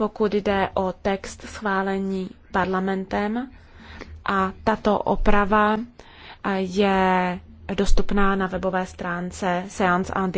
pokud jde o text schválení parlamentem a tato oprava eh, je dostupná na webové stránce Seance and